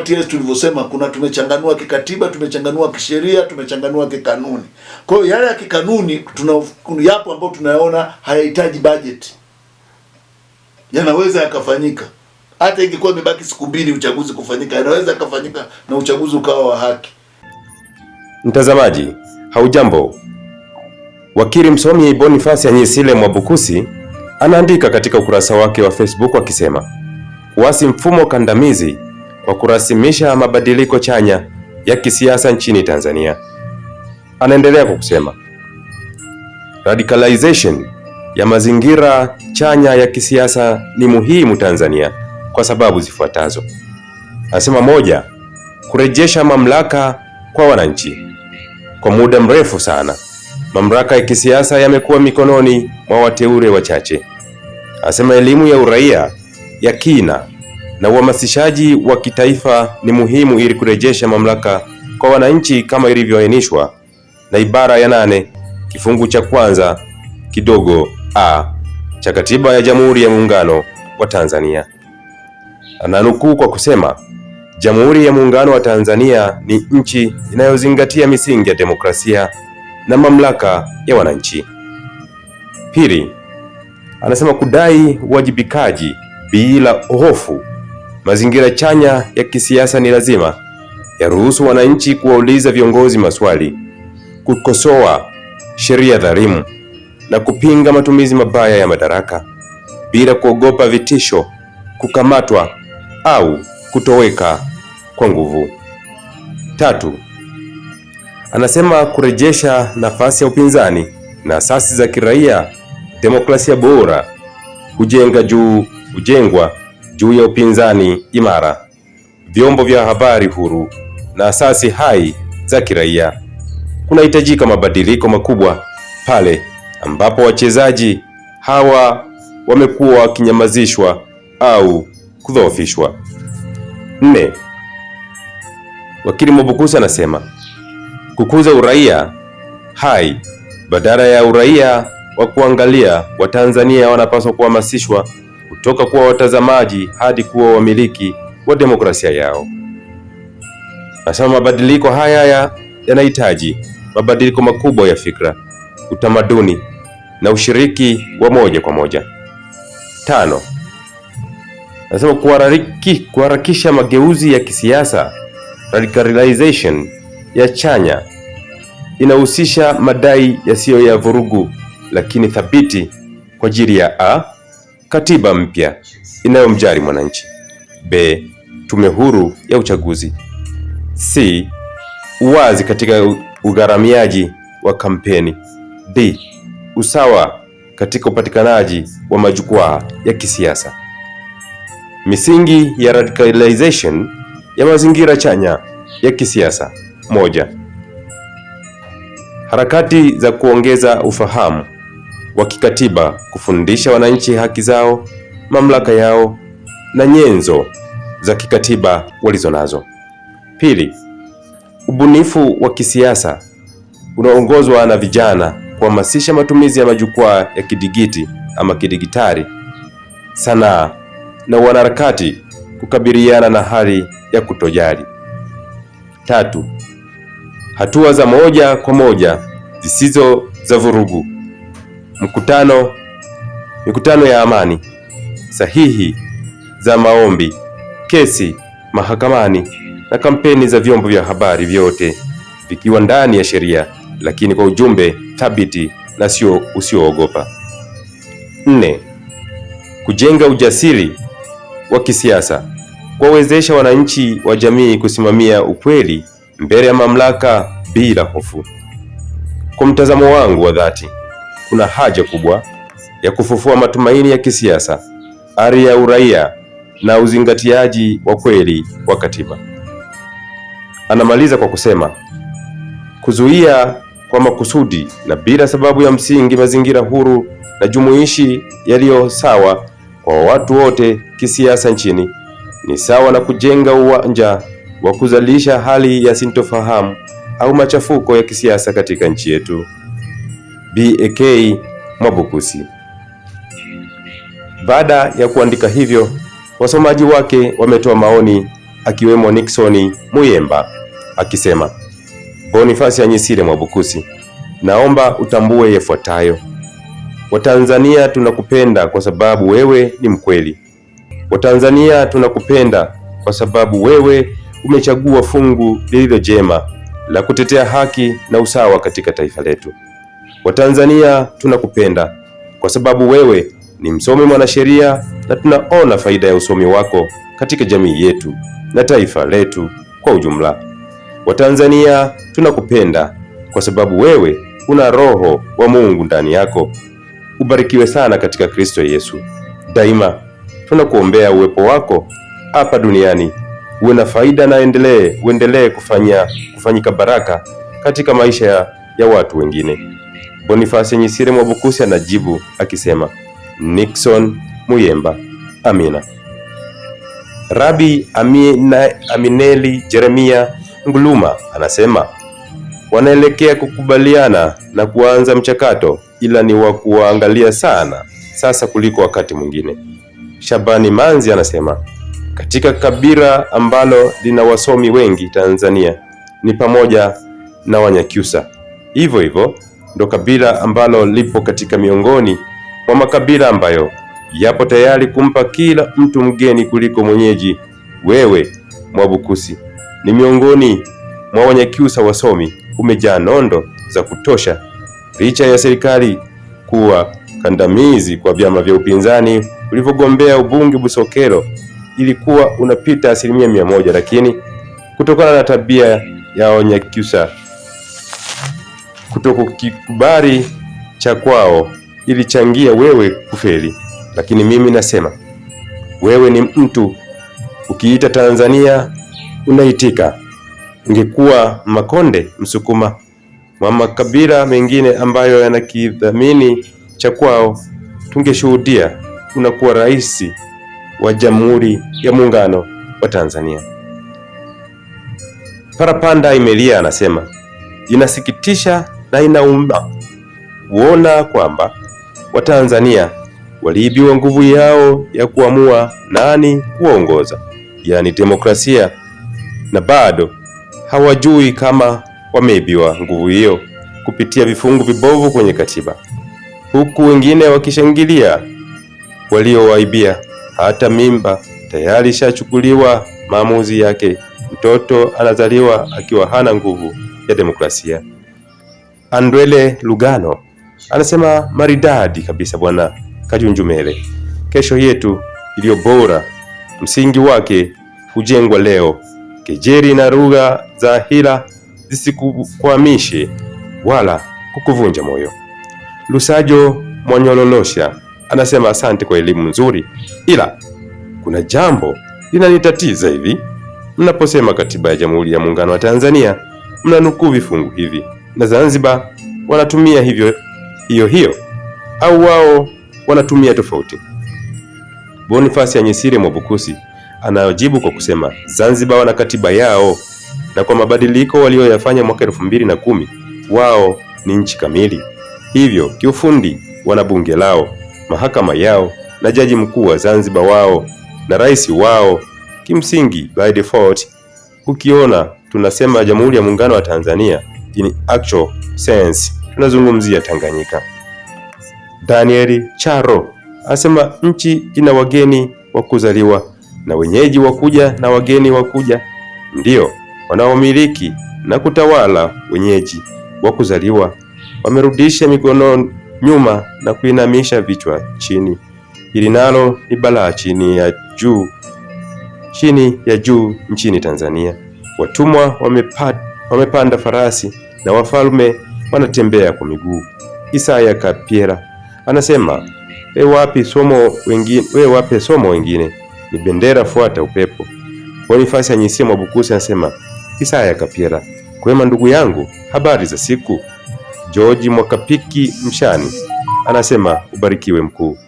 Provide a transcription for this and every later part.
kama TLS tulivyosema, kuna tumechanganua kikatiba, tumechanganua kisheria, tumechanganua kikanuni. Kwa hiyo yale ya kikanuni tuna yapo ambayo tunayaona hayahitaji bajeti, yanaweza yakafanyika hata ingekuwa imebaki siku mbili uchaguzi kufanyika, yanaweza yakafanyika na uchaguzi ukawa wa haki. Mtazamaji haujambo, wakili msomi Bonifasi Anyisile Mwabukusi anaandika katika ukurasa wake wa Facebook akisema kuasi mfumo kandamizi kwa kurasimisha mabadiliko chanya ya kisiasa nchini Tanzania. Anaendelea kwa kusema radicalization ya mazingira chanya ya kisiasa ni muhimu Tanzania kwa sababu zifuatazo. Anasema moja, kurejesha mamlaka kwa wananchi. Kwa muda mrefu sana mamlaka ya kisiasa yamekuwa mikononi mwa wateure wachache. Anasema elimu ya uraia ya kina na uhamasishaji wa kitaifa ni muhimu ili kurejesha mamlaka kwa wananchi kama ilivyoainishwa na ibara ya nane kifungu cha kwanza kidogo a cha Katiba ya Jamhuri ya Muungano wa Tanzania. Ananukuu kwa kusema, Jamhuri ya Muungano wa Tanzania ni nchi inayozingatia misingi ya demokrasia na mamlaka ya wananchi. Pili, anasema kudai uwajibikaji bila hofu mazingira chanya ya kisiasa ni lazima yaruhusu wananchi kuwauliza viongozi maswali, kukosoa sheria dhalimu na kupinga matumizi mabaya ya madaraka bila kuogopa vitisho, kukamatwa au kutoweka kwa nguvu. Tatu, anasema kurejesha nafasi ya upinzani na asasi za kiraia. Demokrasia bora hujenga juu hujengwa juu ya upinzani imara, vyombo vya habari huru na asasi hai za kiraia. Kunahitajika mabadiliko makubwa pale ambapo wachezaji hawa wamekuwa wakinyamazishwa au kudhoofishwa. Nne, wakili Mwabukusi anasema kukuza uraia hai badala ya uraia wa kuangalia. Watanzania wanapaswa kuhamasishwa kutoka kuwa watazamaji hadi kuwa wamiliki wa demokrasia yao. Nasema mabadiliko haya yanahitaji mabadiliko makubwa ya fikra, utamaduni na ushiriki wa moja kwa moja. Tano, nasema kuharakisha mageuzi ya kisiasa. Radicalization ya chanya inahusisha madai yasiyo ya vurugu lakini thabiti kwa ajili ya a katiba mpya inayomjali mwananchi. B. Tume huru ya uchaguzi. C. Uwazi katika ugharamiaji wa kampeni. D. Usawa katika upatikanaji wa majukwaa ya kisiasa. Misingi ya radicalization ya mazingira chanya ya kisiasa. Moja, harakati za kuongeza ufahamu wa kikatiba kufundisha wananchi haki zao, mamlaka yao na nyenzo za kikatiba walizonazo. Pili, ubunifu wa kisiasa unaongozwa na vijana kuhamasisha matumizi ya majukwaa ya kidigiti ama kidigitali, sanaa na wanaharakati kukabiliana na hali ya kutojali. Tatu, hatua za moja kwa moja zisizo za vurugu mkutano mikutano ya amani, sahihi za maombi, kesi mahakamani na kampeni za vyombo vya habari, vyote vikiwa ndani ya sheria, lakini kwa ujumbe thabiti na sio usioogopa. Nne, kujenga ujasiri wa kisiasa, kuwawezesha wananchi wa jamii kusimamia ukweli mbele ya mamlaka bila hofu. Kwa mtazamo wangu wa dhati kuna haja kubwa ya kufufua matumaini ya kisiasa, ari ya uraia na uzingatiaji wa kweli wa katiba. Anamaliza kwa kusema, kuzuia kwa makusudi na bila sababu ya msingi mazingira huru na jumuishi yaliyo sawa kwa watu wote kisiasa nchini ni sawa na kujenga uwanja wa kuzalisha hali ya sintofahamu au machafuko ya kisiasa katika nchi yetu. Bak Mwabukusi. Baada ya kuandika hivyo, wasomaji wake wametoa maoni, akiwemo Nixon Muyemba akisema, Bonifasi Anyisire Mwabukusi, naomba utambue yafuatayo: Watanzania tunakupenda kwa sababu wewe ni mkweli. Watanzania tunakupenda kwa sababu wewe umechagua fungu lililo jema la kutetea haki na usawa katika taifa letu. Watanzania tunakupenda kwa sababu wewe ni msomi mwanasheria, na tunaona faida ya usomi wako katika jamii yetu na taifa letu kwa ujumla. Watanzania tunakupenda kwa sababu wewe una roho wa Mungu ndani yako. Ubarikiwe sana katika Kristo Yesu. Daima tunakuombea uwepo wako hapa duniani uwe na faida na endelee, uendelee kufanya kufanyika baraka katika maisha ya watu wengine. Bonifasi Nyisire Mwabukusi anajibu akisema Nixon Muyemba Amina. Rabi Amina, Amineli Jeremia Nguluma anasema wanaelekea kukubaliana na kuanza mchakato, ila ni wa kuangalia sana sasa kuliko wakati mwingine. Shabani Manzi anasema katika kabila ambalo lina wasomi wengi Tanzania ni pamoja na Wanyakyusa, hivyo hivyo ndo kabila ambalo lipo katika miongoni mwa makabila ambayo yapo tayari kumpa kila mtu mgeni kuliko mwenyeji. Wewe Mwabukusi ni miongoni mwa Wanyakyusa wasomi, umejaa nondo za kutosha, licha ya serikali kuwa kandamizi kwa vyama vya upinzani. Ulivyogombea ubunge Busokelo ilikuwa unapita asilimia mia moja, lakini kutokana na tabia ya Wanyakyusa kutokukikubali cha kwao ilichangia wewe kufeli, lakini mimi nasema wewe ni mtu ukiita Tanzania unaitika. ungekuwa Makonde, Msukuma, mwa makabila mengine ambayo yanakidhamini cha kwao, tungeshuhudia unakuwa rais wa Jamhuri ya Muungano wa Tanzania. Parapanda Imelia anasema inasikitisha na inauma kuona kwamba Watanzania waliibiwa nguvu yao ya kuamua nani kuongoza, yaani demokrasia, na bado hawajui kama wameibiwa nguvu hiyo kupitia vifungu vibovu kwenye katiba, huku wengine wakishangilia waliowaibia. Hata mimba tayari ishachukuliwa maamuzi yake, mtoto anazaliwa akiwa hana nguvu ya demokrasia. Andwele Lugano anasema maridadi kabisa bwana Kajunjumele, kesho yetu iliyo bora, msingi wake hujengwa leo. kejeri na lugha za hila zisikukwamishe wala kukuvunja moyo. Lusajo Mwanyololosha anasema asante kwa elimu nzuri, ila kuna jambo linanitatiza hivi mnaposema katiba ya Jamhuri ya Muungano wa Tanzania mnanukuu vifungu hivi na Zanzibar wanatumia hivyo hiyo hiyo au wao wanatumia tofauti? Bonifasi anyesire Mwabukusi anayojibu kwa kusema Zanzibar wana katiba yao na kwa mabadiliko walioyafanya mwaka elfu mbili na kumi wao ni nchi kamili, hivyo kiufundi wana bunge lao, mahakama yao na jaji mkuu wa Zanzibar wao na rais wao. Kimsingi by default, ukiona tunasema Jamhuri ya Muungano wa Tanzania in actual sense tunazungumzia Tanganyika. Daniel Charo asema nchi ina wageni wa kuzaliwa na wenyeji wa kuja na wageni wa kuja ndio wanaomiliki na kutawala. Wenyeji wa kuzaliwa wamerudisha mikono nyuma na kuinamisha vichwa chini. Hili nalo ni balaa chini ya juu chini ya juu nchini Tanzania. Watumwa wamepanda, wamepanda farasi na wafalme wanatembea kwa miguu. Isaya Kapiera anasema we ee wapi somo wengine, we wape somo wengine ni bendera fuata upepo. Bonifasi anyisie Mwabukusi anasema Isaya Kapiera, kwema ndugu yangu, habari za siku. George Mwakapiki Mshani anasema ubarikiwe mkuu.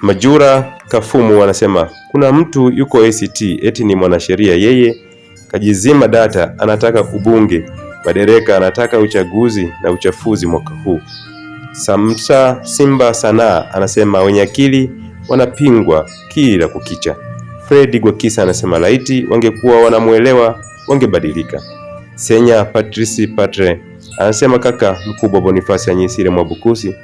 Majura Kafumu anasema kuna mtu yuko ACT eti ni mwanasheria yeye kajizima data anataka ubunge, madereka anataka uchaguzi na uchafuzi mwaka huu. Samsa Simba Sanaa anasema wenye akili wanapingwa kila kukicha. Fredi Gwakisa anasema laiti wangekuwa wanamwelewa wangebadilika. Senya Patrisi Patre anasema kaka mkubwa Bonifasi Anyisire Mwabukusi,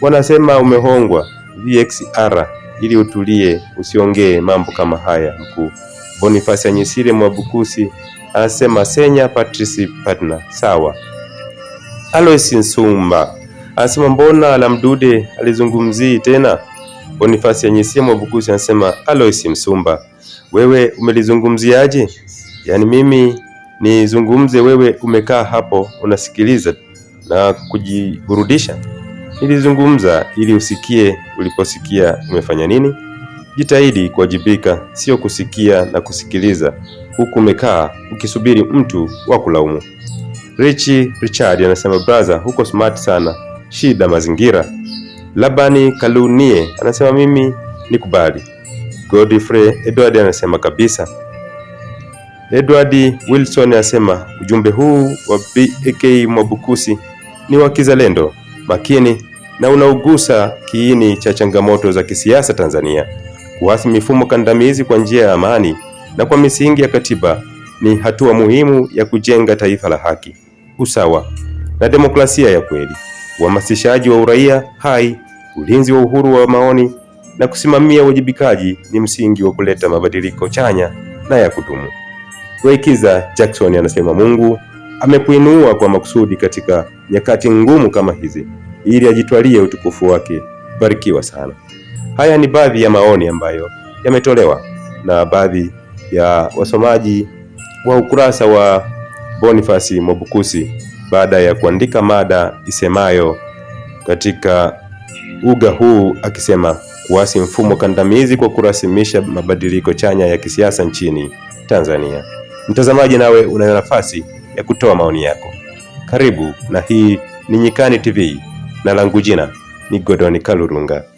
wanasema umehongwa VXR, ili utulie usiongee mambo kama haya mkuu. Bonifasi Anyisire Mwabukusi anasema Senya Patrice Partner sawa. Alois Nsumba anasema mbona Alamdude alizungumzii tena? Bonifasi Anyisire Mwabukusi anasema Alois Msumba, wewe umelizungumziaje? Yaani mimi nizungumze, wewe umekaa hapo unasikiliza na kujiburudisha? Nilizungumza ili usikie, uliposikia umefanya nini? Jitahidi kuwajibika, sio kusikia na kusikiliza huku umekaa ukisubiri mtu wa kulaumu. Richi Richard anasema brother, huko smart sana, shida mazingira. Labani Kalunie anasema mimi nikubali. Godfrey Edward anasema kabisa. Edward Wilson anasema ujumbe huu wa BK Mwabukusi ni wa kizalendo, makini na unaugusa kiini cha changamoto za kisiasa Tanzania kuasi mifumo kandamizi kwa njia ya amani na kwa misingi ya katiba ni hatua muhimu ya kujenga taifa la haki, usawa na demokrasia ya kweli, uhamasishaji wa uraia hai, ulinzi wa uhuru wa maoni na kusimamia uwajibikaji ni msingi wa kuleta mabadiliko chanya na ya kudumu. Wekiza Jackson anasema Mungu amekuinua kwa makusudi katika nyakati ngumu kama hizi ili ajitwalie utukufu wake. Barikiwa sana. Haya ni baadhi ya maoni ambayo yametolewa na baadhi ya wasomaji wa ukurasa wa Boniface Mwabukusi baada ya kuandika mada isemayo katika uga huu akisema kuasi mfumo kandamizi kwa kurasimisha mabadiliko chanya ya kisiasa nchini Tanzania. Mtazamaji, nawe una nafasi ya kutoa maoni yako. Karibu, na hii ni Nyikani TV na langu jina ni Godoni Kalurunga.